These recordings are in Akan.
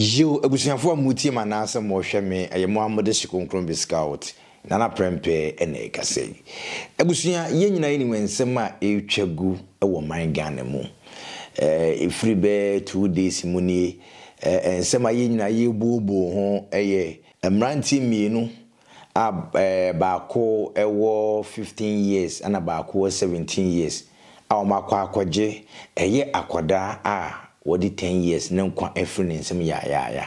yew abusuafoɔ a motie ma anaasɛ mɔhwɛ me ɛyɛ mo a mode hye kronkron bi scout nana prɛmpɛ ɛna ɛkasa yi abusua yɛn nyinaa yɛnim nsɛm a ɛretwa gu wɔ man ghana mu ɛfiri bɛɛ two days mu nie nsɛm a yɛn nyinaa yɛbuobuo ho ɛyɛ mmeranteɛ mmienu a baako ɛwɔ fifteen years ɛna baako wɔ seventeen years a wɔn akɔ akɔgye ɛyɛ akwadaa a wɔde 10 years ne nkwa afiri ne nsam yaayaaya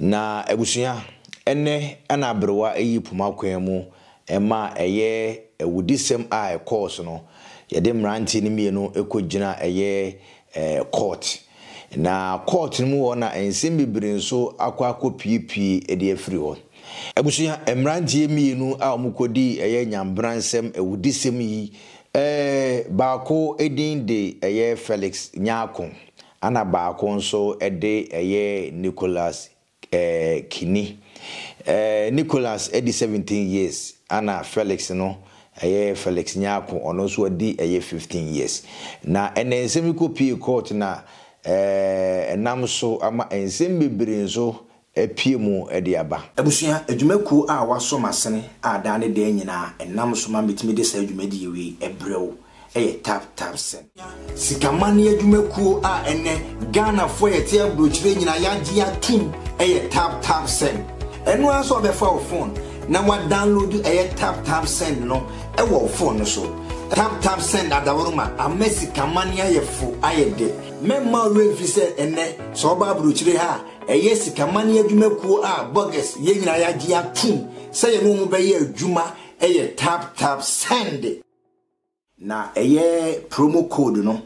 na abusua ɛnɛ ɛna aberewa ɛyi poma kwan mu ɛma ɛyɛ awudisɛm a ɛkɔɔ no yɛde mmeranteɛ no mmienu ɛkɔgyina ɛyɛ ɛɛ court na court no mu hɔ na nsɛm bebree nso akɔ akɔ piepie ɛde afiri hɔ abusua mmeranteɛ mmienu a wɔkɔdi ɛyɛ nyambransɛm awudisɛm yi ɛɛ baako ɛdin de ɛyɛ felix nyaako ana baako nso ɛde ɛyɛ nikolas eh, kini eh, ɛdi 17 years ana felix no ɛyɛ felix nyako ɔno nso ɛdi ɛyɛ 15 years na ɛna nsɛm kɔ pie court na eh, ɛnam so ama nsɛm bebree nso apie mu de aba. abusua adwumakuo a wasɔ masene a daa ne dan nyinaa ɛnam so ma metumi de saa adwumadie wei ɛbrɛw. ɛyɛ tap tap send sikamanne adwumakuo a ɛnɛ ghanafoɔ yɛte aburokyire nyinaa yɛagye atum ɛyɛ tap tap send ɛno ara nso ɔbɛfa wo phone na download ɛyɛ tap tap send no ɛwɔ wo phone no so tap tap send adaworoma ama sikamanne ayɛ fo ayɛ de mɛmma ɔlɔ efi sɛ ɛnɛ sɛ ɔba aburokyire ha ɛyɛ sikamanne adwumakuo a bɔgɛs yɛn nyinaa yɛagye atum sɛ yɛn mu bɛyɛ adwuma ɛyɛ tap tap send. na ɛyɛ promo code no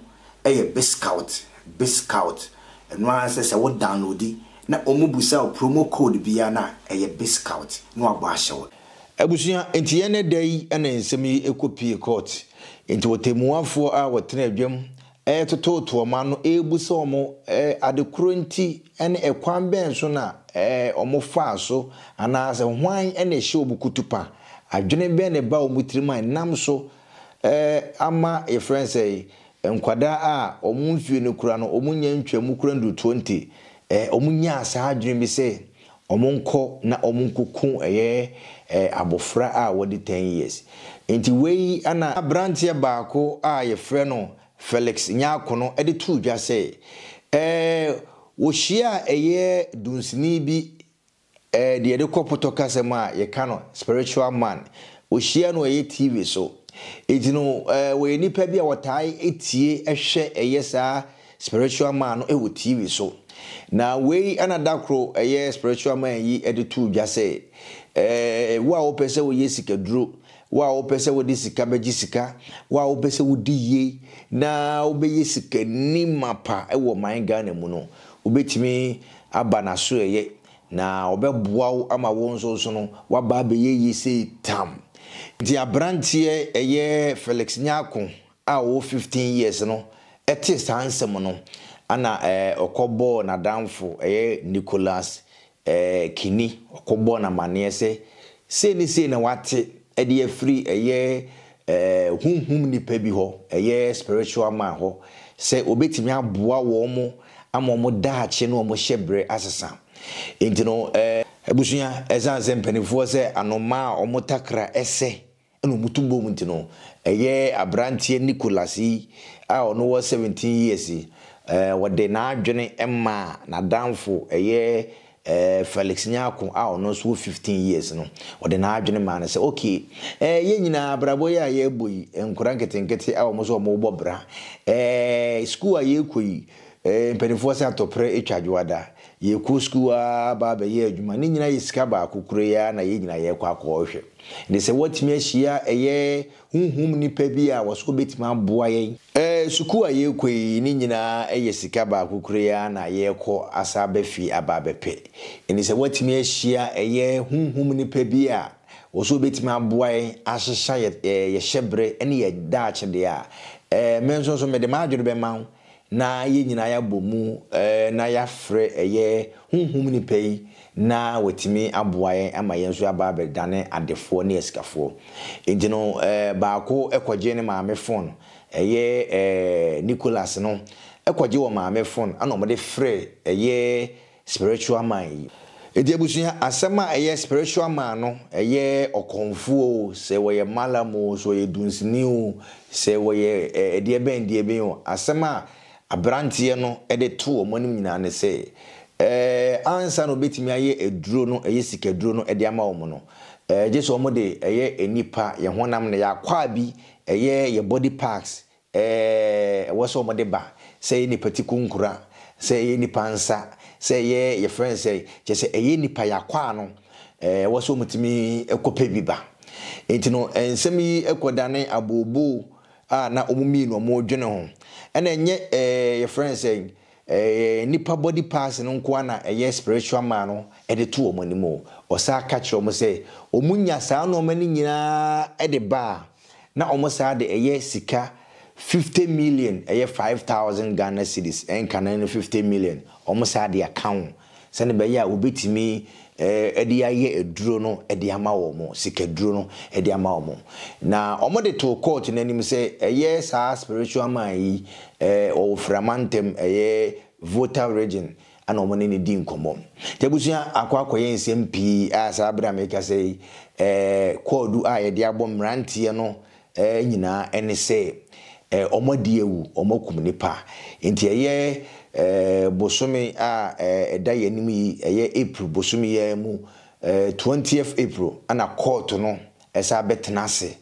ɛyɛ biscout biscout ɛno ara sɛ sɛ wo download na ɔmo busa wo promo code biara na ɛyɛ biscout na wabɔ ahyɛ wo abusua nti yɛn ne da yi na nsɛm yi kɔ pie court nti wɔtɛmuafoɔ a wɔtena adwam ɛɛtoto toɔma no ɛɛbu sɛ ɔmo ɛɛ adekoro nti ɛne ɛkwan bɛn so na ɛɛ ɔmo faa so anaasɛ hwan ɛna ɛhyɛ ɔmo kutu pa adwene bɛn na ɛba ɔmo tirima a ɛnam so. Eh, ama yɛfrɛ n sɛ nkwadaa a ɔmo nsuo no kura no ɔmo nya ntwamu kura ndu 20 ɔmo nya saa adwene bi sɛ ɔmo nkɔ na ɔmo nkoko ɛyɛ eh, abofra a wɔde 10 years nti wei ana aberanteɛ baako a yɛfrɛ no felix nyaakono de too dwa sɛ eh, wɔhyia a ɛyɛ dunsini bi deɛ yɛde kɔ pɔtɔ kasɛm a yɛka no spiritual man wɔhyia no ɛyɛ tv so ɛti no eh, wɔyɛ nipa bi a wɔtae etie ɛhwɛ ɛyɛ saa spiritual man no wɔ tv so na wei ɛna da koro ɛyɛ spiritual man yi ɛde to dwa sɛ eh, wo a wopɛ sɛ sika duro, wo a wopɛ sɛ wode sika bɛgye sika wo a wopɛ sɛ wodi yie na wobɛyɛ sikani pa ɛwɔ man ghana mu no wobɛtumi aba n'aso ɛyɛ na ɔbɛboa wo ama wɔn nso so no woaba abɛyɛ yie sei tam nti aberanteɛ ɛyɛ felix nyako a ɔwɔ 15 years no ɛte saa nsɛm no ana ɛɛ ɔkɔbɔɔ n'adanfo, ɛyɛ nicholas ɛɛ kini ɔkɔbɔɔ n'amaneɛ sɛ sei ne sei na wate ɛde afiri ɛyɛ ɛɛ hunhum nipa bi hɔ ɛyɛ spiritual man hɔ sɛ obetumi aboa wɔn mo ama wɔn daakye na wɔn hyɛ berɛ asesa nti no ɛɛ. abusua ɛsan sɛ mpanimfoɔ sɛ anoma a wɔn takra ɛsɛ ɛna wɔn tu bom ti no ɛyɛ aberanteɛ nicholas yi a ɔno wɔ seventeen years yi ɛɛ wɔde n'adwene ɛma n'adanfo ɛyɛ ɛɛ felix nyako a ɔno nso wɔ fifteen years no wɔde n'adwene ma no sɛ okay ɛɛ yɛn nyinaa abrabɔ yi a yɛrebɔ yi nkora nketenkete a wɔn nso wɔn bɔ bra ɛɛ sukuu a yɛrekɔ yi ɛɛ mpanimfoɔ sɛ atɔpere atwa adwoada. yɛkɔ sukuu a ba abɛyɛ adwuma ne nyinaa yɛ sika baako koro yi na yɛ nyinaa yɛkɔ akɔɔhwɛ ne sɛ wɔtumi ahyia ɛyɛ huhum nipa bi a wɔso bɛtumi aboa yɛn ɛɛ e, sukuu a yɛkɔ yi ne nyinaa yɛ sika baako koro yi na yɛkɔ asa abɛfi aba abɛpɛ ne sɛ wɔtumi ahyia ɛyɛ huhum nipa bi a wɔso bɛtumi aboa yɛn ahyehyɛ e, yɛ ɛɛ yɛhyɛ bere ne yɛ daakye deɛ a ɛɛ mɛ nso nso mɛ de maa adwene bɛ na yɛn nyina ya bụ mụ eh, na ya yɛafrɛ ɛyɛ huhum nipa yi na wɔtumi abụọ yɛn ama yɛn nso aba abɛdane adefoɔ ne asikafoɔ nti no ɛɛ eh, baako ɛkɔgye ne maame phone ɛyɛ ɛɛ eh, nicholas no ɛkɔgye wɔ maame phone ɛna wɔde frɛ ɛyɛ spiritual man yi ɛdi abusua asɛm a ɛyɛ spiritual man no ɛyɛ ɔkɔnfuo sɛ wɔyɛ malam o sɛ wɔyɛ dunsini o sɛ wɔyɛ ɛɛ ɛdeɛ bɛn deɛ bɛn o asɛm a. aberanteɛ no de to wɔn anim nyinaa ne sɛ ɛɛ ansa obetumi ayɛ aduro no ɛyɛ sika aduro no de ama wɔn no ɛɛ gye sɛ wɔn de ɛyɛ nipa yɛn honam na yɛakwaa bi ɛyɛ yɛ body parks ɛɛ ɛwɔ sɛ wɔn de ba sɛ yɛ nipa ti kunkura sɛ yɛ nipa nsa sɛ yɛ yɛfrɛ sɛ kyɛ sɛ ɛyɛ nipa yɛakwaa no ɛɛ ɛwɔ sɛ wɔn tumi kɔpɛ bi ba nti no nsɛm yi kɔdane abooboo. a na wɔn mii na wɔredwene ho ɛna ɛnyɛ ɛɛ yɛfrɛ no sɛ ɛɛ nipa body parts no nko na ɛyɛ spiritual man no ɛde to wɔn anim o ɔsan ka kyerɛ wɔn sɛ wɔn nya saa nneɛma no nyinaa ɛde baa na wɔn saa de ɛyɛ sika fifty million ɛyɛ five thousand ghana cedis ɛnka na no fifty million wɔn saa de aka ho sɛnibɛyɛ a wɔbɛtumi. Eh, ɛde ayɛ aduro no ɛde ama wɔn mo duro no ɛde ama wɔn na de to court n'anim sɛ ɛyɛ saa spiritual man yi ɛɛ eh, ɔwɔ firama ntɛm ɛyɛ voter region ɛna wɔn ne ne di nkɔmɔ tɛbusua akɔ yɛ nsɛm pii a saa abira mi kasa yi ɛɛ eh, kɔɔdu a yɛde abɔ mmeranteɛ no ɛɛ nyinaa ɛne sɛ ɛɛ wɔn adi ewu wɔn akum nipa nti ɛyɛ. ɛɛ eh, bosome a ɛda eh, yɛn anim yi ɛyɛ april bosome yɛn mu ɛɛ twentieth april ɛna kɔɔto no ɛsan abɛtena ase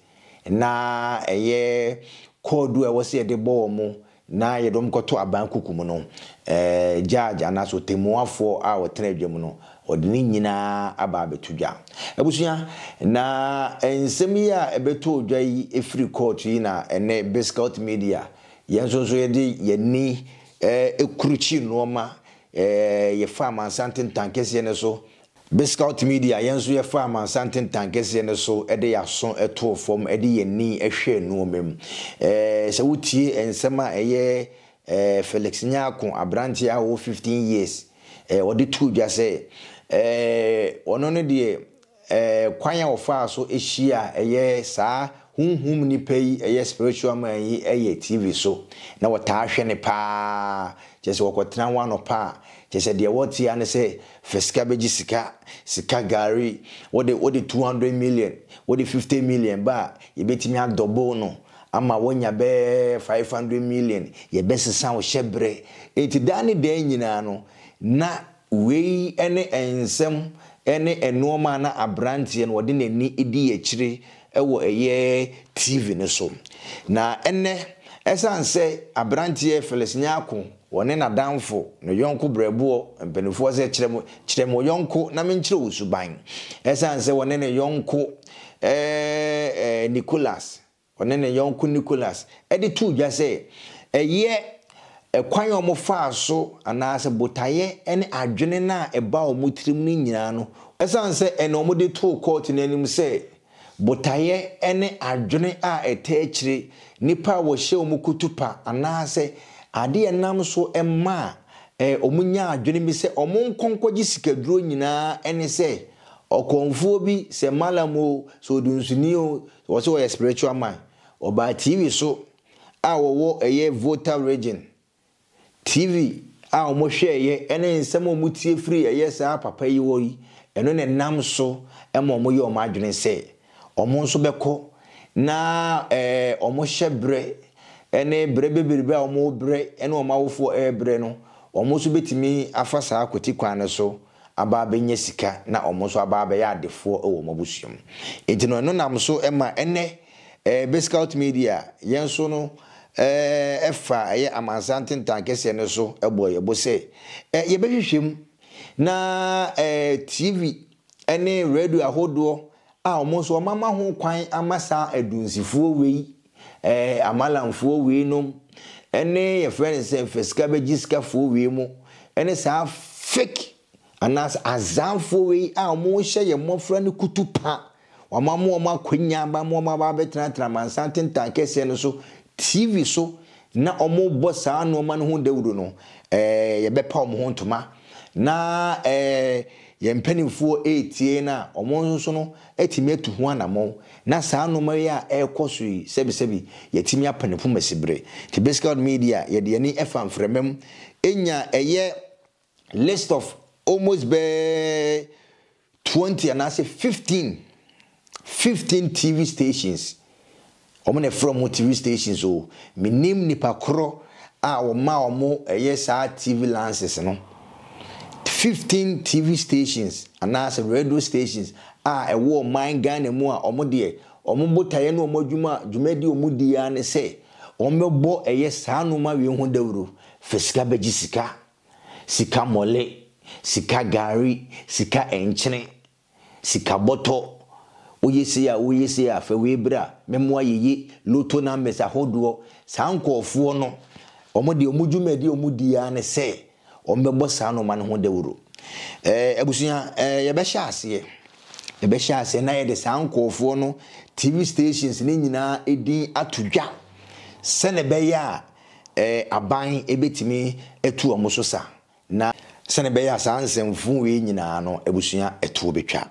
na ɛyɛ kɔɔdu a ɛwɔ sɛ yɛde bɔ wɔn na yɛde wɔn kɔtɔ aban kuku mu no ɛɛ eh, gyaagya anaasɛ temuafoɔ a wɔtena adwa mu no wɔde ne nyinaa aba abɛto dwa abusua na nsɛm yi a ɛbɛto dwa yi efiri kɔɔto yi na ɛnɛ biscuit media yɛn nso nso yɛde yɛn ni. Eh, kurukyi nneɛma eh, yɛfa amansan tentan kɛseɛ no so biscout media yɛn nso yɛfa amansan tentan kɛseɛ no so de yɛaso too fam de yɛni hwɛ nneɛma mu eh, sɛ wotie nsɛm a ɛyɛ felix nyaako aberanteɛ a wɔ 15 years wɔde too dwa sɛ ɔno no deɛ kwan a wɔfaa so hyia a ɛyɛ saa honhum nipa yi ɛyɛ spiritual man yi ɛyɛ tv so na wɔtaa hwɛ ne paa kyerɛ sɛ wɔkɔtena ho anɔpa a kyerɛ sɛ deɛ wɔte a ne sɛ fɛ sika bɛgye sika sika gari wode wode 200 million wode 50 million ba a yɛbɛtumi adɔbo no ama wɔnya bɛɛ 500 million yɛbɛsesa wo hyɛ berɛ ɛnti da ne dan nyinaa no na wei ne nsɛm ne nnoɔma na aberanteɛ no wɔde n'ani di akyire ɛwɔ ɛyɛ tv no so na ɛnɛ ɛsan sɛ aberanteɛ felix nyako wɔne n'adamfo ne yɔnko brɛboɔ mpanimfoɔ sɛ kyerɛ mo kyerɛ mo yɔnko na menkyerɛ wo suban ɛsan sɛ wɔne ne yɔnko ɛɛ nicholas wɔne ne yɔnko nicholas ɛde tu dwa sɛ ɛyɛ ɛkwan a wɔfaa so anaasɛ botaeɛ ne adwene no a ɛba wɔn tirim no nyinaa no ɛsan sɛ ɛna wɔde too kɔɔto n'anim sɛ botaeɛ ɛne adwene a ɛtɛ akyire nnipa a wɔhyɛ wɔ mu kutupa anaasɛ adeɛ nam so ma a ɔmunya adwene bi sɛ ɔmo nkɔnkɔgye sikaduro nyinaa ɛne sɛ ɔkɔmfoɔ bi sɛ malam o sɛ ɔdunsuni o wɔ wɔyɛ spiritual man ɔbaa tiivi so a wɔwɔ ɛyɛ voter region tiivi a wɔhwɛ ɛyɛ ɛne nsɛm a wɔtie firi ɛyɛ saa papa yi wɔ yi ɛno na ɛnam so ma wɔyɛ wɔn adwene sɛ ɔmo nso bɛkɔ na ɛɛ eh, ɔmo hyɛ brɛ ne brɛ bebrebe a ɔmo brɛ ne ɔmo awofoɔ ɛɛbrɛ no ɔmo nso bɛtumi afa saa kɔti kwan no so aba abɛnya sika na ɔmo nso aba abɛyɛ adefoɔ wɔ ɔmo abusua mu nti no ɛno nam so ma ɛnɛ ɛɛ eh, bescout media yɛn nso no eh, ɛfa ɛyɛ kɛseɛ no so yɛbɔ sɛ yɛbɛhwehwɛ mu na tv ne radio ahodoɔ. a wɔn nso hụ kwan ama saa adunsifoɔ wei ɛɛ amalamfoɔ wei nom ɛne yɛfrɛ no sɛ mfɛ sika bɛgye sikafoɔ wei mu ɛne saa fek anaasɛ azanfoɔ wei a wɔhyɛ yɛn mmɔfra no kutu pa wɔama mo wɔn akonnwa aba mo wɔn aba abɛtenatena amansan tentan kɛseɛ no so tv so na wɔrebɔ saa nneɛma no ho dawuro no ɛɛ yɛbɛpa wɔn ho ntoma na ɛɛ. yɛn mpanimfoɔ ɛretie no a wɔn nso no atumi atu ho anammɔn na saa nneɛma yi a ɛrekɔ so yi sɛbisɛbi yɛtumi apane poma sibire te basically media yɛde yɛn ɛfa mframa mu ɛnya ɛyɛ list of almost bɛɛ twenty anaasɛ fifteen fifteen tv stations wɔn na ɛfrɛ wɔn tv stations o menim nipa korɔ a wɔn a wɔn ɛyɛ saa tv lances no. 15 tv stations anaasɛ radio stations a ɛwɔ ɔman ghana mu a wɔn deɛ wɔn botaeɛ ne wɔn adwuma dwumadi wɔn di ya ne sɛ wɔn bɛbɔ ɛyɛ saa nneɛma wie ho dawuro fɛ sika bɛgye sika sika mɔle sika gaari sika ɛnkyene sika bɔtɔ woyɛ se a woyɛ se a fɛ woyɛ bere a mɛmoa yeye loto numbers ahodoɔ saa nkɔɔfoɔ no wɔn deɛ wɔn dwumadi wɔn di ya ne sɛ. wɔn bɛbɔ saa nneɛma no ho dawuro ɛɛ abusua ɛɛ yɛbɛhyɛ aseɛ yɛbɛhyɛ aseɛ na yɛde saa nkɔɔfoɔ no tv stations ne nyinaa edi ato dwa sɛnɛ bɛyɛ a ɛɛ aban ebɛtumi atu ɔmo so sa na sɛnɛ bɛyɛ a saa nsɛmfun wei nyinaa no abusua ɛtoɔ bɛtwa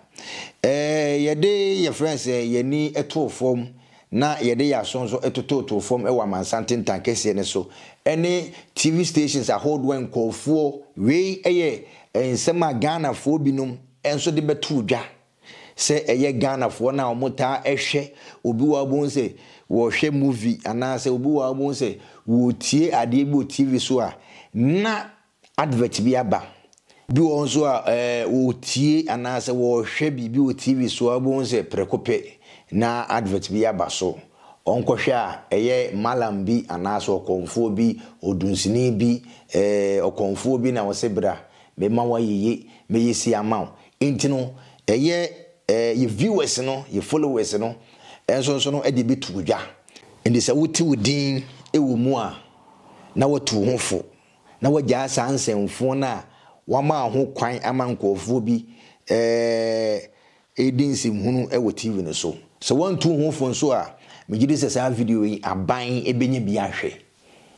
ɛɛ yɛde yɛ friends yɛni ɛtoɔ fam. na yɛde yɛ aso nso tototo fam wɔ amansanten tan kɛseɛ no so ne tv stations ahodoɔ nkɔɔfoɔ wei yɛ eh, nsɛm a ghanafoɔ binom nso de bɛto dwa sɛ ɛyɛ ghanafoɔ no a wɔtaa hwɛ obi wɔ abom sɛ wɔhwɛ movie anaasɛ obi wɔ abom sɛ wɔtie adeɛ bi wɔ tv so a na advert bi aba bi wɔ nso a ɛɛ eh, wɔtie anaasɛ wɔhwɛ biribi wɔ tv so abom sɛ prɛko pɛ na advert bi aba so ɔnkɔhwɛ a ɛyɛ malam bi anaasɛ ɔkɔmfoɔ bi ɔdunsini bi ɔkɔmfoɔ bi na wɔsɛ bra mɛma wayeye mɛyɛ si ama wo nti no ɛyɛ yɛ viewers no yɛ followers no ɛnso nso no ɛde bi tu dwa nti sɛ wote wo din ɛwɔ mu a na watu ho fo na wagyaa saa nsɛmfoɔ no a wama ho kwan ama nkurɔfoɔ bi ɛɛdi nsɛmhunu ɛwɔ tv no so sɛ wantu ho fo nso a ah, megye di sɛ saa video yi aban bɛnya bi ahwɛ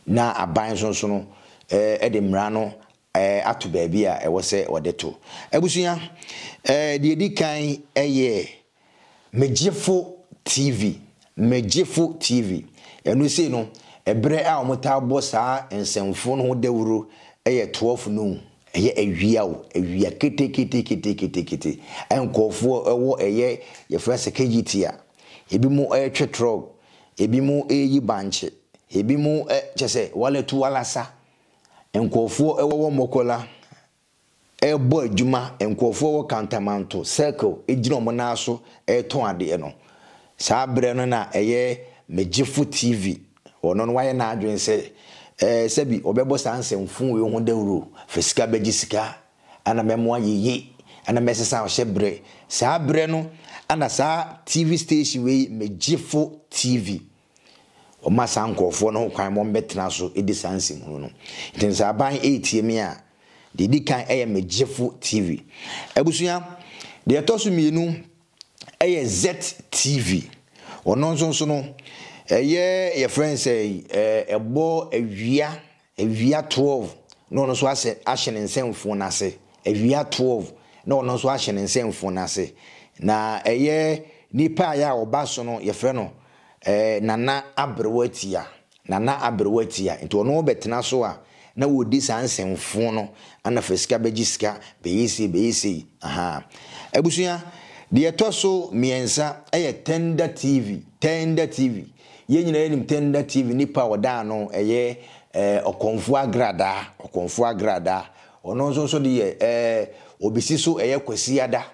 na aban nso no eh, de mmara no eh, ato baabi a ɛwɔ sɛ wɔde to abusua eh, deɛ di kan yɛ megyefo tv megyefo tv ɛno sei no ɛberɛ a wɔn taa bɔ saa nsɛmfo no ho dawuro yɛ 12 noon ɛyɛ awia o awia keteketekete nkɔɔfoɔ ɛwɔ ɛyɛ yɛfrɛ sɛ kgt a ebi mu ɛretwe trɔg ebi mu ɛreyi bankye ebi mu ɛ kyɛ sɛ walɛtu walasa nkɔɔfoɔ ɛwɔ wɔ mɔkɔla ɛrebɔ adwuma nkɔɔfoɔ wɔ kantamanto circle egyina wɔn nan so ɛretɔn adeɛ no saa abirɛ no na ɛyɛ megyefo tv wɔn no wayɛ n'adwene sɛ. ɛɛ sɛbi ɔbɛbɔ saa nsɛmfun wei ho dawuro fɛ sika bɛgye sika ana mɛmoa yeye ana mɛsesa ɔhyɛ berɛ saa berɛ no ana saa tv station wei mɛgyefo tv ɔma saa nkɔɔfoɔ no ho kwan mɔ mbɛtena so di saa nsɛmhunu no nti nsa aban ɛretie mi a deɛ di kan yɛ mɛgyefo tv abusua deɛ ɛtɔ so mmienu yɛ ztv ɔno nso nso no ɛyɛ yɛfrɛ n sɛ ɛbɔ awia awia 12 na ɔno nso ahyɛ ahyɛ ne nsɛmfoɔ no ase awia 12 na ɔno nso ahyɛ ne nsɛmfoɔ no ase na ɛyɛ nipa a yɛ a ɔba so no yɛfrɛ no nana aberewa tia nana aberewa tia nti ɔno bɛtena so a na wɔdi saa nsɛmfoɔ no ana fɛ sika bɛgye sika bɛyɛ sei abusua deɛ ɛtɔ so mmiɛnsa ɛyɛ tender tv tender tv yɛn nyinaa yɛnim tenda tv nipa a ɔda ano ɛyɛ ɛɛ eh, ɔkɔnfo agradaa ɔkɔnfo agradaa ɔno nso nso de yɛ ɛɛ eh, obisi so ɛyɛ kwasi ada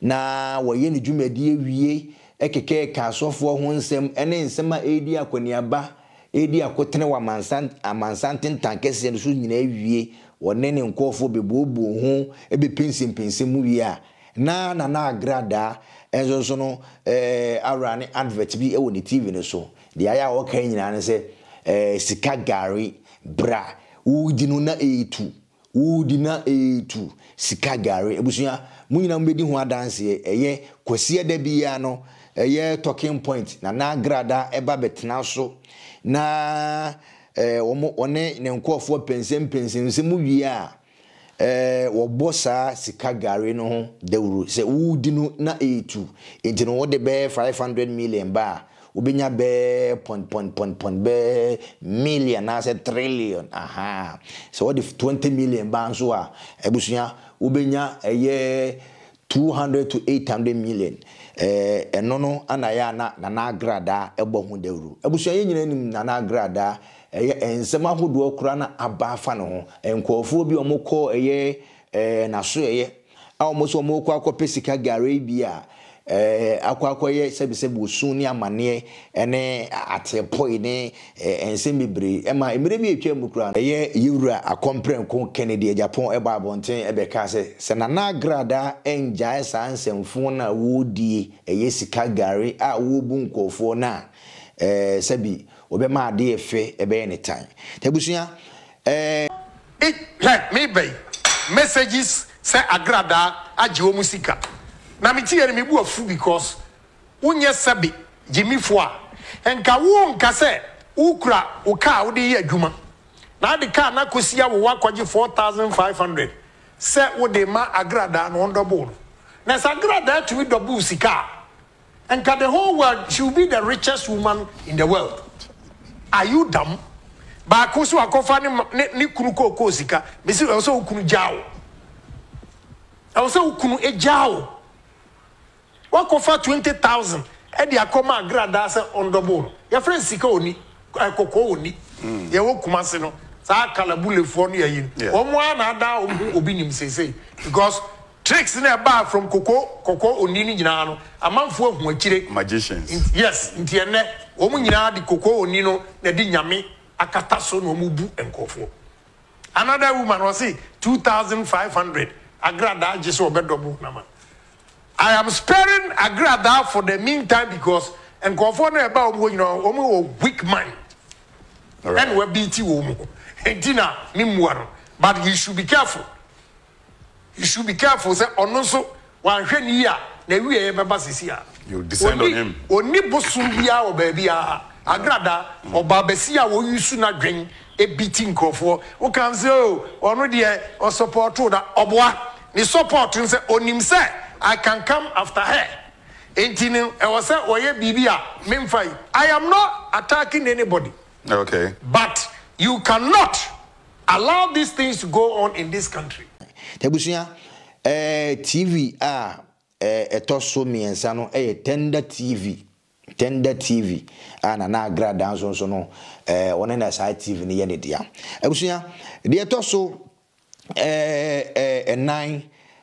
na wɔyɛ ne dwumadie wie ɛkeka ɛka asɔfoɔ ho nsɛm ɛne nsɛm a ɛredi akɔneaba ɛredi akɔtene wɔ amansan amansantenta kɛseɛ no so nyinaa wie wɔne ne nkɔɔfoɔ bɛbuobuo ho ɛbɛpɛnsɛmpɛnsɛm wie a na nana agradaa ɛnso nso no ɛɛ eh, awura ne advert bi ɛwɔ ne tv no so deɛ ayɛ a wɔka nyinaa no sɛ eh, sika gaari bra wodi no na eetu wodi na eetu sika gaari ebusua mu nyinaa mu bɛdi ho adanseɛ ɛyɛ kwasiɛ da bi ya no ɛyɛ talking point na n'agrada ɛba bɛtena so na ɛɛ eh, wɔn wɔne ne nkɔɔfoɔ pɛnsɛmpɛnsɛm mu wie a. Eh, wɔbɔ saa sika gari no ho dawuro sɛ wodi na etu nti no wode bɛɛ 500 million ba a wobɛnya bɛɛ pɔnpɔnpɔnpɔn bɛɛ million naasɛ trillion aha sɛ wode 20 million ba nso a abusua wobɛnya ɛyɛ 200 800 million eh, ɛno no anayɛ a na nanagrada ɛbɔ ho dawuro abusua yɛ nyina nim nanagrada ɛyɛ nsɛm ahodoɔ kora na aba afa ne ho nkurɔfoɔ bi a wɔkɔ ɛyɛ ɛɛ n'aso ɛyɛ a wɔn nso wɔkɔ akɔpɛ sika gare bi a ɛɛ akɔ akɔyɛ sɛbisɛbi osu ne amaneɛ ɛne atepɔi ne ɛɛ nsɛm bebree ɛma mmiri bi etwa mu kura. ɛyɛ yiwura akɔmprɛnko kennedy japan ɛbɔ abɔnten ɛbɛka sɛ sɛ nana agradaa ɛngyae saa nsɛmfo na wɔredie ɛyɛ sika gare a wɔrebu nkurɔfoɔ na ɛɛ sɛbi wɔbɛma adeɛ fɛ ɛbɛyɛ ne tan tabusua ɛɛ. Eh, eh, hwɛ mi bɛyi messages sɛ agradaa aji wɔn sika na mi ti yɛ mi bu afu because wonyɛ sɛbi gyimifoɔ a nka wo nka sɛ wokura wo kaa wode yɛ adwuma na ade kaa na kɔsi a wowa kɔgye 4500 sɛ wode ma agradaa no ɔndɔboo no na sɛ agradaa tumi dɔboo sika nka the whole world she will be the richest woman in the world are you dumb baako so akɔfa ne ne ne kunu kookoo sika bɛsi ɛwɔ sɛ wo kunu gyaa wo ɛwɔ sɛ wo kunu egyaa wo wakɔfa twenty thousand ɛde akɔma agradaa sɛ ɔndɔbo no yɛfrɛ sika oni ɛkɔkɔɔ oni mm. yɛwɔ kumase no saa kalabulefoɔ no yɛyi no wɔn mu a na ada wɔn ho obi nim seesei because tricks na ɛbaa from koko koko oni nyinaa no amanfoɔ ahu akyire magicians yes nti ɛnɛ Omu nyinaa de koko onino no na de nyame akata so na wɔn bu nkɔfoɔ another woman ɔse two thousand five hundred agradaa gye sɛ ɔbɛdɔbo nama i am sparing agrada for the meantime because nkɔfoɔ na ɛbaa omu nyinaa omu wɔ weak mind ɛna wɔn bi ti wɔn mu nti na but you should be careful. you should be careful Say ɔno nso wahwɛ ne yi a na ewia yɛ you descend on him. oni bosom biara wɔ baabi a agrada ɔbaa bɛsi a wɔyi su na dwen ebi ti nkurɔfoɔ wokan onu o ɔno deɛ ɔsɔpɔɔto da ɔboa support. Say nsɛ onim i can come after her nti no ɛwɔ sɛ ɔyɛ biribi a Bibia, yi i am not attacking anybody. okay. but you cannot allow these things to go on in this country. abusua ɛɛ eh, tv a ɛɛ eh, ɛtɔ so mmiɛnsa no ɛyɛ eh, tender tv tender tv a nana agra dan so nso no ɛɛ wɔn na saa tv no yɛ ne dea abusua deɛ ɛtɔ so ɛɛ ɛɛ ɛnan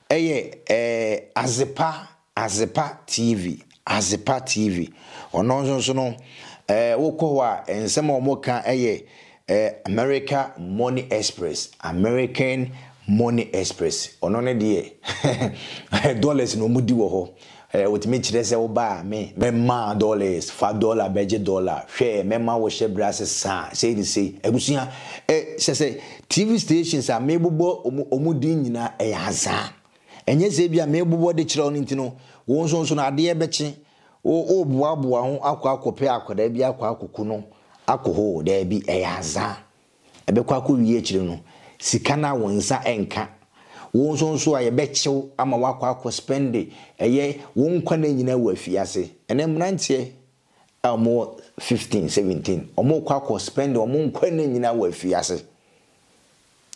ɛyɛ ɛɛ azepa azepa tv azepa tv ɔno nso nso no ɛɛ wokɔ hɔ a nsɛm a wɔn ka ɛyɛ ɛɛ america money express american. money express ɔno ne deɛ dollars na ɔmo di wɔ hɔ ɛɛ wotumi kyerɛ sɛ woba a me mɛma dollars five dollar bɛgye dollar hwɛ mɛma wɔhyɛ brase saa sei de sei abusua ɛ sɛ sɛ tv stations a mebobɔ ɔmo ɔmo din nyinaa ɛyɛ azaa ɛnyɛ sɛ bi a mebobɔ de kyerɛ ɔno nti no wɔn nso nso no adeɛ bɛkye o o boaboa ho akɔ akɔpɛ akɔdaa bi akɔ akɔku no akɔ hɔ daabi ɛyɛ azaa ɛbɛkɔ akɔ wie akyire no. sika na wo nsa wo nso nso a yɛbɛkyew ama wakɔ akɔ spende ɛyɛ wo nkwa no nyina wɔ afiase ɛnɛ mmeranteɛ a 15 17 ɔmo akɔ spende ɔmo nkwa no nyina wɔ afiase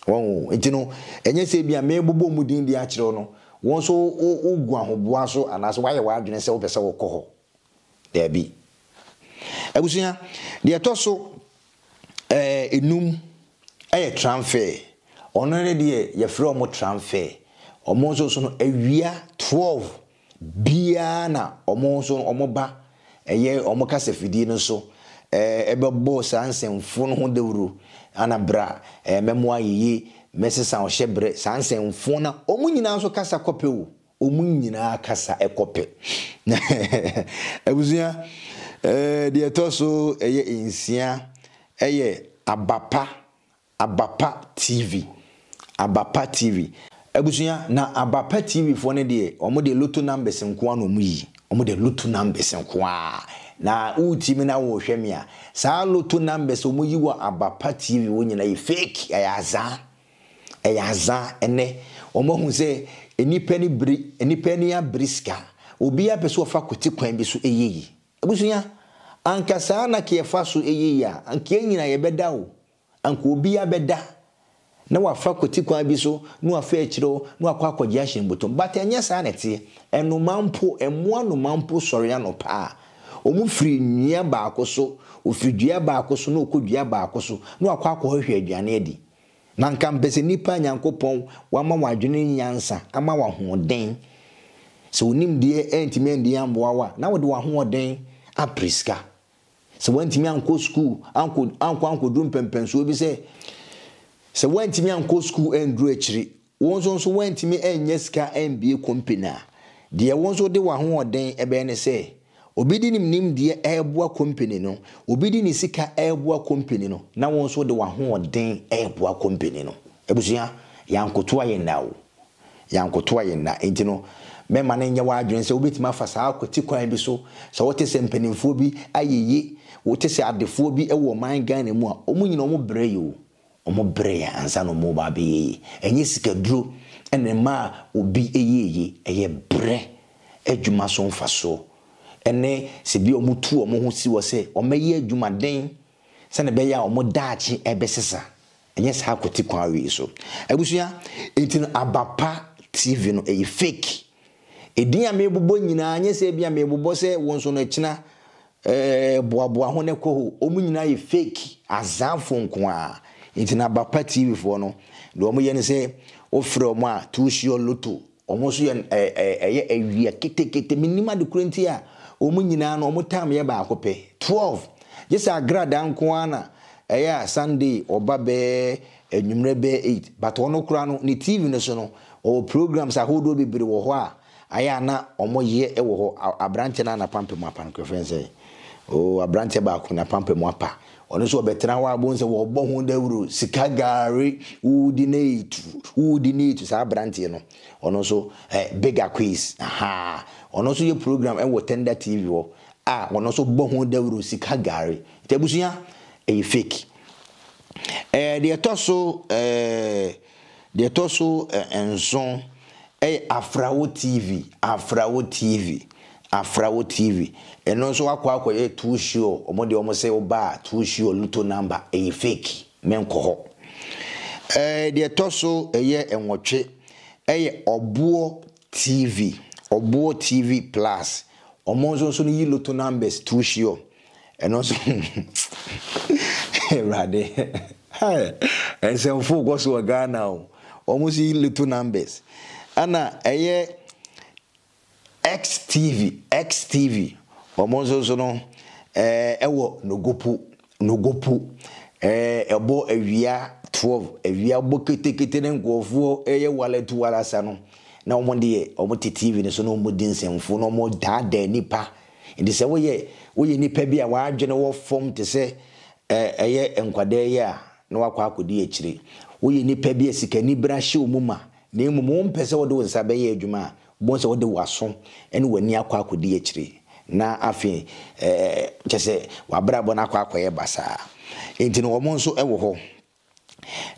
wɔn nti no ɛnyɛ sɛ ebi a mɛbobɔ mu din de akyerɛw no wɔn nso wogu ahoboa so anaasɛ wayɛ sɛ wopɛ sɛ hɔ daabi abusua deɛ so enum ɛyɛ transfer ɔno ne deɛ yɛfrɛ ɔmo transfer ɔmo nso so no awia twelve biara na ɔmo nso ɔmo ba ɛyɛ ɔmo kasafidie no so ɛɛ ɛbɛbɔ saa nsɛmfo no ho dawuro ana bra ɛɛ mɛmoa yeye mɛsesa ɔhyɛ brɛ saa nsɛmfo na ɔmo nyinaa nso kasa kɔpɛ o ɔmo nyinaa kasa ɛkɔpɛ abusua ɛɛ deɛ ɛtɔ so ɛyɛ nsia ɛyɛ abapa abapa tv. abapa tv abusua na abapa tv foɔ no deɛ wɔn de loto numbers nkoa na wɔn yi wɔn de loto numbers nkoa na wotumi na w'ɔhwɛ mi a saa loto numbers wɔn yi wɔ abapa tv wɔn nyinaa yɛ fake ɛyɛ azaa ɛyɛ azaa ɛnɛ wɔn ahu sɛ nipa ni biri nipa ni abiri sika obiara pɛ sɛ ɔfa kote kwan bi so ɛyɛ yi abusua anka saa na kɛɛfa so ɛyɛ yi a anka yɛn nyinaa bɛda o anka obiara bɛda. na wafa kɔti kwan bi so na wafa akyire na wakɔ akɔgye ahyɛ mbutu but ɛnyɛ saa na ɛteɛ ɛnoma mpo ɛmoa noma mpo sɔre ano paa wɔn firi nnua baako so ofiri dua baako so na okɔ dua baako so na wakɔ akɔhwehwɛ aduane adi na nka mpɛsɛ nipa nyankopɔn wama wadwene nyansa ama wahoɔden sɛ onim deɛ ɛntumi ɛndi amboa wa na wɔde wahoɔden apere sika sɛ wɔntumi ankɔ sukuu ankɔ ankɔ ankɔduru mpɛmpɛnsoɔ bi sɛ sɛ woantumi ankɔ sukuu anduro akyiri wɔn nso nso woantumi anyɛ sika ambie company a deɛ wɔn nso de w'ahoɔden ɛbɛyɛ ne sɛ obi di ne nimdeɛ ɛreboa company no obi di ne sika ɛreboa company no na wɔn nso de w'ahoɔden ɛreboa company no ebusua yankotoa yɛn na o yankotoa yɛn na nti no mmarima no nyɛ w'adwene sɛ wobɛtumi afa saa akɔti kwan bi so sɛ wɔte sɛ mpanimfoɔ bi ayɛ yie wɔte sɛ adefoɔ bi ɛwɔ ɔman ghana mu a wɔn nyinaa wɔn brɛ yie o wɔn brɛ ansa na wɔn ba abɛyɛ yie ɛnyɛ sika duro ɛna mmaa obi ɛyɛ yie ɛyɛ brɛ adwuma so mfasoɔ ɛne sɛbi wɔn tu wɔn ho si wɔ sɛ wɔn ayɛ adwumaden sɛnɛ bɛyɛ a wɔn daakye ɛbɛsesa ɛnyɛ saa akɔte kwan awie so abusua nti no abapa tv no ɛyɛ fake ɛdin a mebobɔ nyinaa nyɛ sɛ bi a mebobɔ sɛ wɔn nso no akyina ɛɛ boaboa ho ne kɔ hɔ nyinaa yɛ fake azaafo nko nti na bapa tv foɔ no deɛ wɔn yɛ ne sɛ wofrɛ wɔn a tuusio loto wɔn nso yɛ ɛɛ ɛyɛ awia ketekete minim ade kura nti a wɔn nyinaa no wɔn tam yɛ baako pɛ twelve gye sɛ agradaa nko ara ɛyɛ a sunday ɔba bɛɛ enwummerɛ bɛɛ eight but wɔn kura no ne tv no so no wɔwɔ programs ahodoɔ bebree wɔ hɔ a ayɛ a na wɔyɛ wɔ hɔ aberanteɛ no a napampɛ mu apa no kɛfɛ nsɛ o oh, aberanteɛ baako napampɛ mu apa ɔno nso ɔbɛtena hɔ abo sɛ wɔbɔ ho dawuro sika gaare woodi ne etu woodi ne etu saa aberanteɛ no ɔno nso ɛɛ quiz aha ɔno nso yɛ program ɛwɔ tender tv hɔ a ɔno nso bɔ ho dawuro sika gaare tɛbusua ɛyɛ fake ɛɛ deɛ ɛtɔ so ɛɛ deɛ ɛtɔ so ɛɛ nson ɛyɛ afrawo tv afrawo tv. afrawo tv ɛno nso wakɔ akɔyɛ two show ɔmo deɛ ɔmo sɛ ɔbaa show luto number ɛyɛ fake mɛnkɔ hɔ ɛɛ deɛ ɛtɔ so ɛyɛ ɛnwɔtwe ɛyɛ ɔboɔ tv ɔboɔ tv plus ɔmo nso nso yi luto numbers two show ɛno nso ɛwurade ɛnsɛmfo kɔ o ɔmo yi luto numbers ɛna ɛyɛ. xtv xtv wɔn nso so no ɛɛ ɛwɔ nogopo nogopo ɛɛ ɛbɔ awia twelve awia bɔ ketekete ne nkurɔfoɔ ɛyɛ wale tu wale asa no na wɔn deɛ wɔn te tv ne so na wɔn di nsɛmfo na wɔn daadaa nipa nti sɛ wɔyɛ wɔyɛ nipa bi a wɔadwene wɔ fam te sɛ ɛɛ ɛyɛ nkwadaa yɛ a na wakɔ akɔdi akyire wɔyɛ nipa bi a sikani bra hyɛ wɔn ma na emu wɔn mpɛ sɛ wɔde wɔn nsa bɛyɛ adwuma a. bɔn sɛ wode waso ɛne w'ani akɔ akɔdi akyire na afei ɛɛ kyɛ sɛ wabrabɔ no akɔ akɔyɛ basaa nti no wɔn nso wɔ hɔ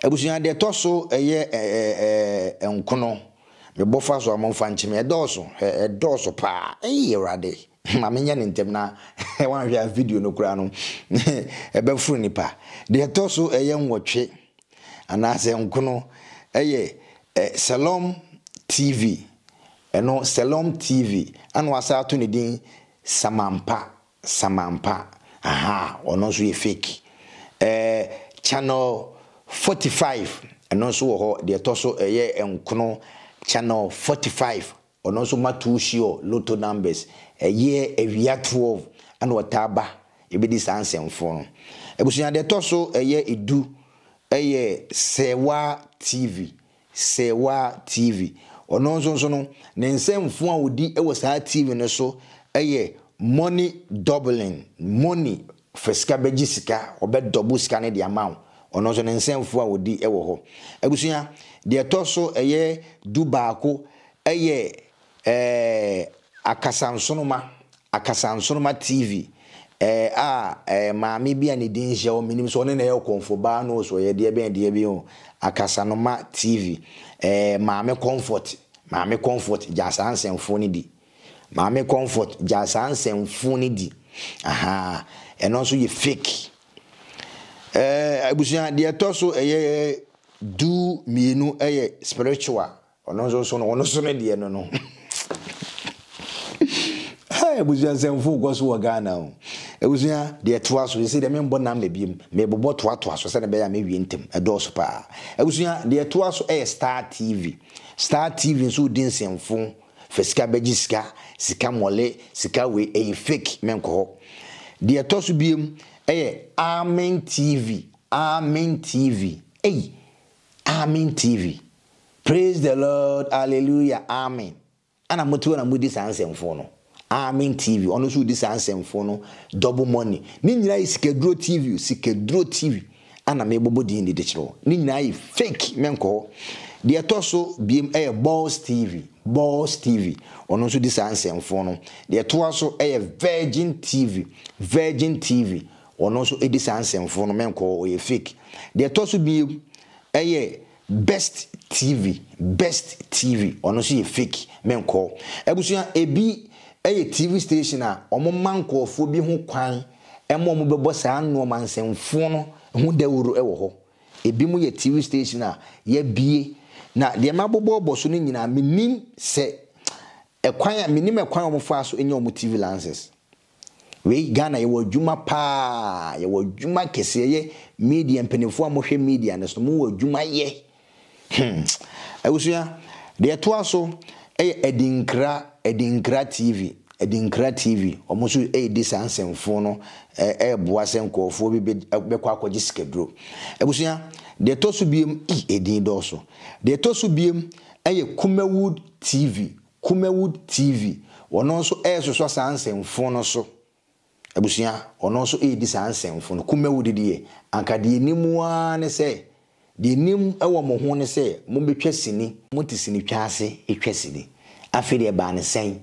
abusua deɛ ɛtɔ so yɛ ɛɛ ɛɛ nkono mebɔfa so amamfa nkyɛn ɛdɔɔso ɛdɔɔso paa ɛyɛ awurade maame nyɛ ne ntɛm na wanhwɛ a video no kura no ɛbɛfuru nipa deɛ ɛtɔ so ɛyɛ nwɔtwe anaasɛ nkono ɛyɛ ɛ salom tv. ɛno selom tv ɛna wasa ato ne din samampa samampa aha ɔno nso yɛ fake ɛɛ channel forty five ɛno nso wɔ hɔ deɛ ɛtɔ so ɛyɛ nkono channel forty five ɔno nso ma two sure lotto numbers ɛyɛ awia twelve ɛna ɔtaa ba ebedi saa nsɛmfoɔ no abusua deɛ ɛtɔ so ɛyɛ edu ɛyɛ sɛwa tv sɛwa tv ɔno nso nso no ne nsɛmfo a ɔdi wɔ saa tv no so yɛ money doubling money fɛ sika bɛgye sika ɔbɛdɔbo sika no de ama wo ɔno nso ne nsɛmfo a ɔdi wɔ hɔ abusua deɛ ɛtɔ so ɛyɛ du baako ɛyɛ ɛɛ akasansonoma akasansonoma tv ɛɛ eh, a ɛɛ eh, maame bi a ne din hyɛ wɔn anim so ɔne na ɛyɛ kɔnfo baa no so ɔyɛ deɛ bɛn deɛ bi o akasanoma tv ɛɛ eh, maame comfort maame comfort gya saa nsɛmfo ne di maame comfort gya saa nsɛmfo ne di aha ɛno nso yɛ fake ɛɛ abusua deɛ ɛtɔ so ɛyɛ du mmienu ɛyɛ spiritual ɔno nso so no ɔno so ne deɛ no no. yɛ abusua nsɛmfo kɔ so wɔ ghana o abusua deɛ toa so yɛsɛ deɛ membɔ nam na biem mebobɔ toatoa so sɛne bɛyɛ a mewie ntɛm ɛdɔɔso paa abusua deɛ toa so yɛ star tv star tv nso wodi nsɛmfo fɛ sika bɛgye sika sika mmɔle sika wei ɛyɛ fake menkɔ hɔ deɛ ɛtɔ so biem ɛyɛ amen tv amen tv ɛyi amen tv praise the lord hallelujah amen ana motiwo na modi saa nsɛmfo no Amin tv ɔno nso di saa nsɛmfo no double money ne nyinaa yɛ sikaduro tv sikaduro tv ana mebobɔ din de de kyerɛ hɔ ne nyinaa yɛ fake menkɔ hɔ deɛ ɛtɔ so biem ɛyɛ balls tv balls tv ɔno nso di saa nsɛmfo no deɛ ɛtoa so ɛyɛ virgin tv virgin tv ɔno nso di saa nsɛmfo no menkɔ hɔ ɔyɛ fake deɛ ɛtɔ so biem ɛyɛ best tv best tv ɔno nso yɛ fake menkɔ hɔ abusua ebi ɛyɛ tv station a wɔn ma nkurɔfoɔ bi ho kwan ɛma wɔn bɛbɔ saa nneɛma nsɛmfoɔ no ho dawuro ɛwɔ hɔ ebi yɛ tv station a yɛbie na deɛ mabobɔbɔ so no nyinaa menim sɛ ɛkwan a menim ɛkwan a wɔfa so nyɛ wɔn tv lances wei ghana yɛwɔ adwuma paa yɛwɔ adwuma kɛseɛ yɛ media mpanimfoɔ a wɔhwɛ media no so wɔwɔ adwuma yɛ hmm ɛwusua deɛ ɛtoa so ɛyɛ ɛdinkra ɛde nkra tv ɛde nkra tv wɔn nso ɛredi saa nsɛmfo no ɛreboa sɛ nkɔɔfoɔ bi bɛkɔ akɔgye sikaduro abusua deɛ ɛtɔ so biem i ɛdin dɔɔso deɛ ɛtɔ so biem ɛyɛ kumawood tv kumewood tv wɔn nso ɛresosɔ saa nsɛmfo no so abusua ɔno nso ɛredi saa nsɛmfo no kumawood deɛ anka deɛ anim ara ne sɛ deɛ anim ɛwɔ mo ho ne sɛ mo bɛtwa sini mo te sini twa ase ɛtwa sini afei deɛ baa ne sɛn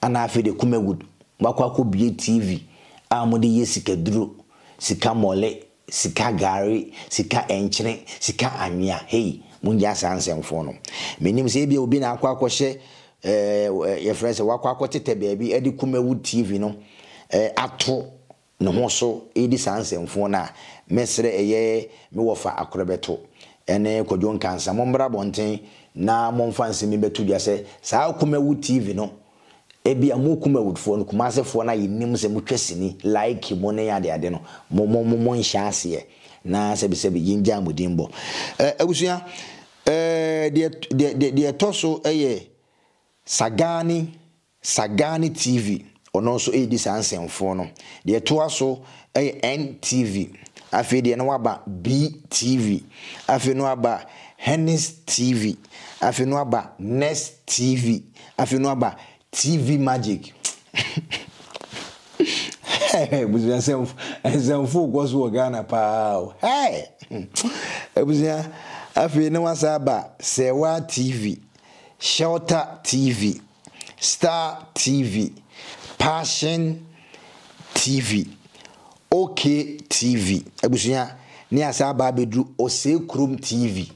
ana afei deɛ kumawood wakɔ akɔbue tv a wɔde yɛ sikaduro sika mɔle sika gari sika ɛnkyene sika anwea hei mungye asaa nsɛmfoɔ no menim sɛ ebia obi na akɔ akɔhyɛ ɛɛ yɛfrɛ sɛ wakɔ akɔtetɛ baabi ɛde kumawood tv no ɛɛ ato ne ho so ɛdi saa nsɛmfoɔ no a mɛsrɛ ɛyɛ mewɔ fa akorɔbɛto ɛne kɔdwo nkansa mommra abɔnten na momfa nsɛm bɛto dwa sɛ saa kumawu tv no ebi a mo kumawofoɔ no kumasefoɔ no a yɛnim sɛ motwa sini like mu ne adeade no momommo nhyɛ aseɛ na sɛbisɛbi yɛngyaa mo din bɔ abusua deɛ ɛtɔ so yɛ sagani sagani tv ɔno nso ɛredi saa nsɛmfoɔ no deɛ ɛtoa so yɛ ntv afei deɛ no waba btv afei no waba hennis tv afei no aba nest tv afei no aba tv magic ebusua nsɛmfo kɔ so wɔ ghana paa o ebusua afei e ne wasa aba sɛwa tv shelter tv star tv passion tv ok tv ebusua ne asa aba abɛduru osee kurom tv.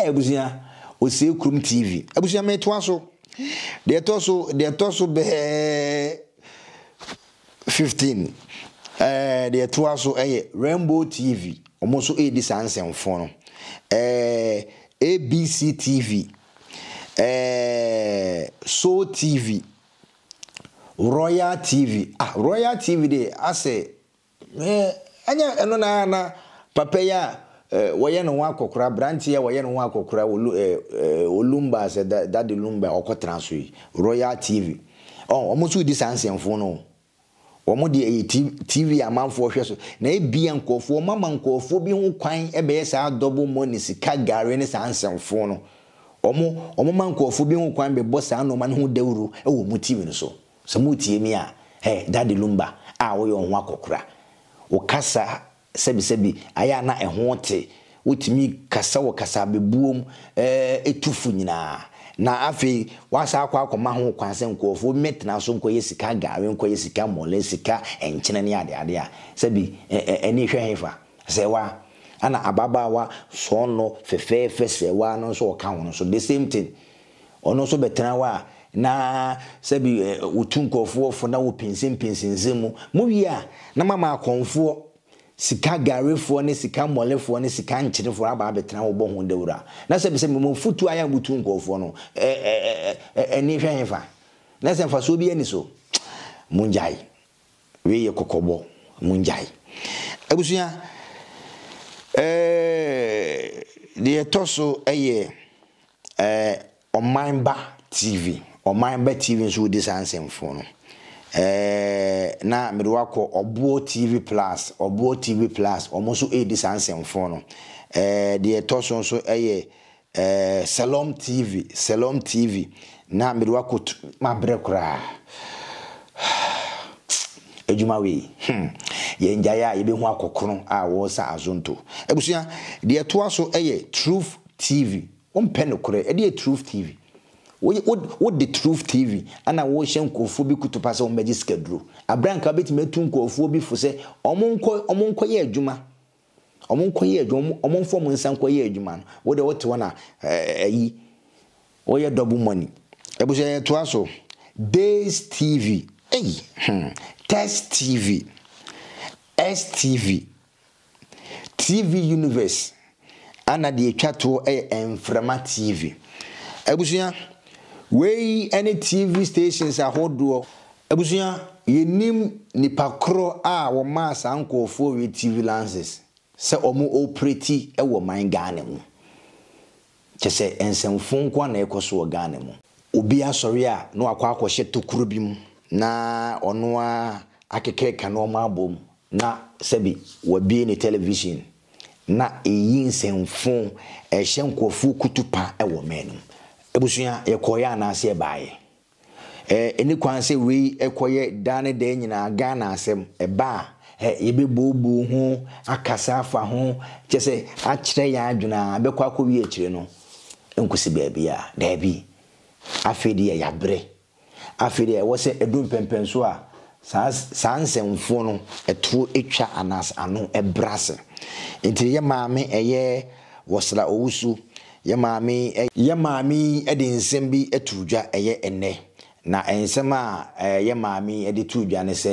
hi abusua osie kurom tv abusua metoa so deɛ ɛtɔ so deɛ ɛtɔ so bɛɛ fifteen ɛɛ deɛ ɛtoa so ɛyɛ rainbow tv wɔn nso ɛredi saa nsɛmfo no ɛɛ abc tv ɛɛ soul tv royal tv ah royal tv de asɛ ɛɛ ɛnyɛ ɛno na ana papa yi a. Eh, wɔyɛ ne ho akɔkora branteɛ wɔyɛ ne ho akɔkora eh, eh, olumba sɛ dade lumba ɔkɔtena so yi royal tv wɔn nso di saa nsɛmfo no wɔn de ɛyɛ tv amanfoɔ hwɛ so na ebia nkɔfoɔ mama nkɔfoɔ bi ho kwan ɛbɛyɛ saa dɔbɔ mɔ ne sika gari ne saa nsɛmfo no wɔn wɔn ma nkɔfoɔ bi ho kwan bɛbɔ saa nneɛma no ho dawuro ɛwɔ mu tv no so sɛ mo tie mi a ɛ dade lumba a wɔyɛ wɔn ho akɔkora wɔkasa. sɛbisɛbi ayɛ a na ɛho te wotumi kasa wɔ kasabebuom ɛɛ etufu nyinaa na afei wasa akɔ akɔma ho kwan sɛ nkurɔfoɔ mmetena so nkɔyɛ sika gaare nkɔyɛ sika mɔlɛ sika nkyene ne adeade a sɛbi ɛɛ ɛni hwɛ hefa sɛwa ɛna ababaawa sɔɔnɔ fɛfɛɛfɛ sɛwa no nso ɔka ho no so the same thing ɔno nso bɛtena hɔ na sɛbi ɛɛ wotu nkurɔfoɔ fo na wopinsinpinsinsin mu mu wie a na mama akɔnfoɔ. sika garefoɔ ne sika mmɔlefoɔ ne sika nkyerefoɔ aba abɛtena wɔ bɔ ho dawura na sɛ bisɛ mmom futu ayɛ abutu nkɔɔfoɔ no ɛni hwɛ hefa na sɛ mfasoɔ bi ani so mungyae wei yɛ kɔkɔbɔ mungyae abusua ɛɛ deɛ ɛtɔ so ɛyɛ ɛɛ ɔmanba tv ɔmanba tv nso wodi saa nsɛmfoɔ no na na mede ọ bụọ tv plus ɔboɔ tv plus ọmụsụ nso ɛredi no ɛɛ deɛ so nso tv tv na mede wakɔ mabrɛ koraa edwuma wei hmm yɛn a yɛbɛhu akɔkoro a wɔresa azonto abusua deɛ ɛtoa so ɛyɛ truth tv wɔmpɛ nokorɛ truth tv wode truth tv ana wɔhyɛ nkurɔfoɔ bi kutupa sɛ wɔmmɛgye sika duro aberanka wobɛtumi atu nkurɔfoɔ bi fo sɛ ɔmo nkɔyɛ adwuma ɔmo nkɔyɛ adwuma ɔmo mfa ɔmo nsa nkɔyɛ adwuma no wode wote hɔ na ayi wɔyɛ double money abusua yɛtoa so days tv eyi hmm. test tv stv tv universe ana deɛ atwa toɔ yɛ eh, mframa tv abusua wei ne tv stations ahodoɔ abusua yɛnim nipa korɔ a wɔmaa saa nkurɔfoɔ wei tv lances sɛ wɔn operate wɔ man ghana mu kyɛ sɛ nsɛmfo nko na ɛkɔ so wɔ ghana mu obi asɔre a na wakɔ akɔhyɛ tokuro bi mu na ɔno a akekeka na wɔn abɔ mu na sɛbi wabie ne television na eyi nsɛmfo ɛhyɛ nkurɔfoɔ kutupa wɔ mɛn mu abusua yɛkɔyɛ anaasɛ yɛbaeɛ ɛni kwan sɛ wei ɛkɔyɛ da ne da nyinaa ghana asɛm Ɛbaa a yɛbɛbuobuo ho akasa afa ho kyɛ sɛ akyerɛ yɛn adwena bɛkɔ akɔwie akyire no nkosi beebi a beebi afei deɛ yɛabrɛ afei deɛ ɛwɔ sɛ ɛdu mpɛmpɛn so a saa nsɛmfoɔ no ɛtoɔ atwa anaasɛ ano ɛbrɛ ase nti yɛ maame ɛyɛ wɔsra owusu yɛ maame yɛ maame de nsɛm bi atu dwa ɛyɛ ɛnɛ na nsɛm a ɛyɛ maame de tu dwa ne sɛ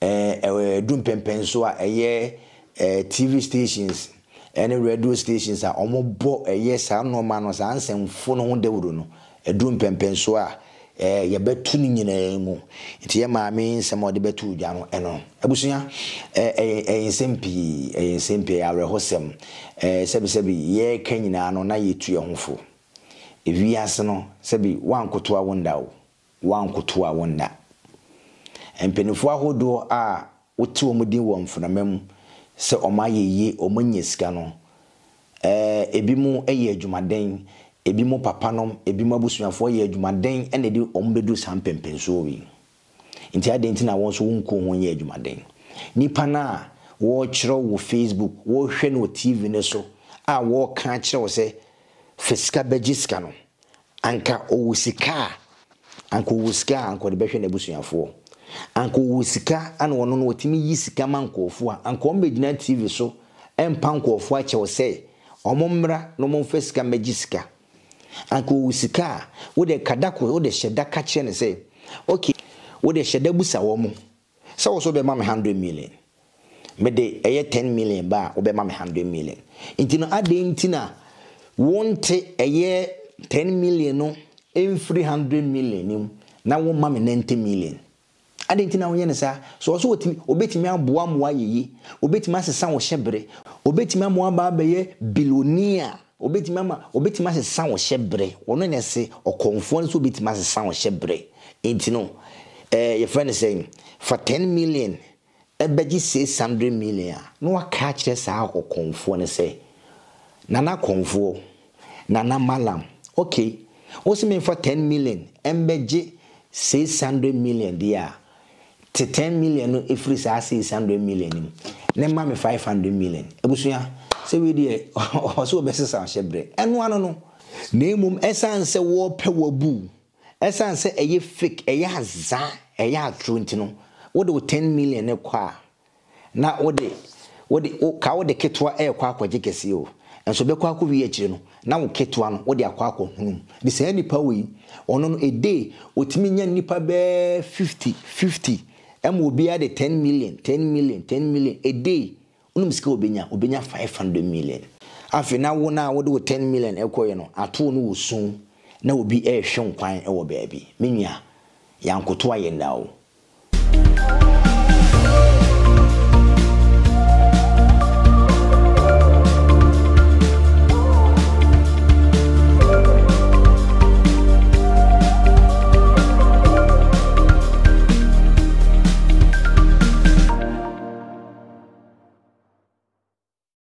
ɛɛ du mpɛmpɛnso a ɛyɛ ɛɛ tv stations ɛne radio stations a wɔbɔ ɛyɛ saa nneɛma no saa nsɛmfo no ho dawuro no ɛdu mpɛmpɛnso a ɛɛ eh, yɛbɛtu ne nyinaa mu nti yɛ maame nsɛm a ɔde bɛtu gya no ɛno abusua ɛɛ eh, ɛyɛ eh, ɛyɛ nsɛm pii ɛyɛ nsɛm pii awerɛhɔsɛm ɛɛ sɛbisɛbi yɛreka nyinaa no na yɛtu yɛn ho fo ewiase no sɛbi wankoto a wonda o wankoto a wonda mpanimfoɔ ahodoɔ a wote wɔn din wɔ mfunama mu sɛ wɔn ayɛ yie wɔn anya sika no ɛɛ ebi mu yɛ adwumaden ebi mu papa nom ebi mu abusuafoɔ yɛ adwumaden ɛna de wɔn bɛdu saa mpɛmpɛnsoɔ yi nti adan ti na wɔn nso wɔn nko ho yɛ adwumaden nipa na wɔrekyerɛ wɔ facebook wɔrehwɛ no wɔ tv ne so a wɔreka akyerɛ wɔ sɛ fɛ sika bɛgye sika no anka ɔwɔ sika a anka ɔwɔ sika a anka ɔde bɛhwɛ n'abusuafoɔ anka ɔwɔ sika ana wɔn no wɔtumi yi sika ma nkɔɔfoɔ a anka wɔn bɛgyina tv so ɛmpa nkɔɔfoɔ akyɛw sɛ wɔn mmra anka owu sika a wode kada ko wode hyɛ da ka kyerɛ ne sɛ okay wode hyɛ da busa wɔ mu sɛ wo so bɛma me 100 million mede ɛyɛ 10 million ba a wobɛma me 100 million nti no adɛn nti na wonte ɛyɛ 10 million no ɛmfiri 100 million no na woma me 90 million ade nti na woyɛ ne saa so ɔso wɔtumi obɛtumi aboa mmoa yɛyi obɛtumi asesa wo hyɛ bere obɛtumi amoa baa bɛyɛ bilonia obetumi ama obetumi asesa ɔhyɛ brɛ ɔno na ɛsɛ ɔkɔnfoɔ nso obetumi asesa ɔhyɛ brɛ nti no ɛɛ yɛfrɛ no sɛ fa ten million ɛbɛgye six hundred million a na waka akyerɛ saa ɔkɔnfoɔ no sɛ nana kɔnfoɔ nana malam okay wosi mi fa ten million ɛmbɛgye six hundred million deɛ a te ten million no efiri saa six hundred million nim ne ma mi five hundred million ebusua. sɛ wei deɛ ɔwɔ sɛ wɔbɛsesa hyɛ berɛ ɛno ano no na mmom ɛsiane sɛ wɔrepɛ wabu ɛsiane sɛ ɛyɛ fake ɛyɛ azaa ɛyɛ atoro nti no wode wo 10 million ne kɔ a na wode wode ka wode ketewa ɛrekɔ akɔgye kɛseɛ o nso bɛkɔ akɔ wie akyire no na wo ketewa no wode akɔ akɔ de saa nipa wei ɔno no nya nipa bɛɛ 50 50 obiara de 10 million 10 million 10 million wonum sika obenya obenya 500 million afei na wo na wode wo 10 million ɛkɔyɛ no atoo no wɔ sum na obi ɛrehwɛ nkwan ɛwɔ baabi menua yɛankoto ayɛ ndaa o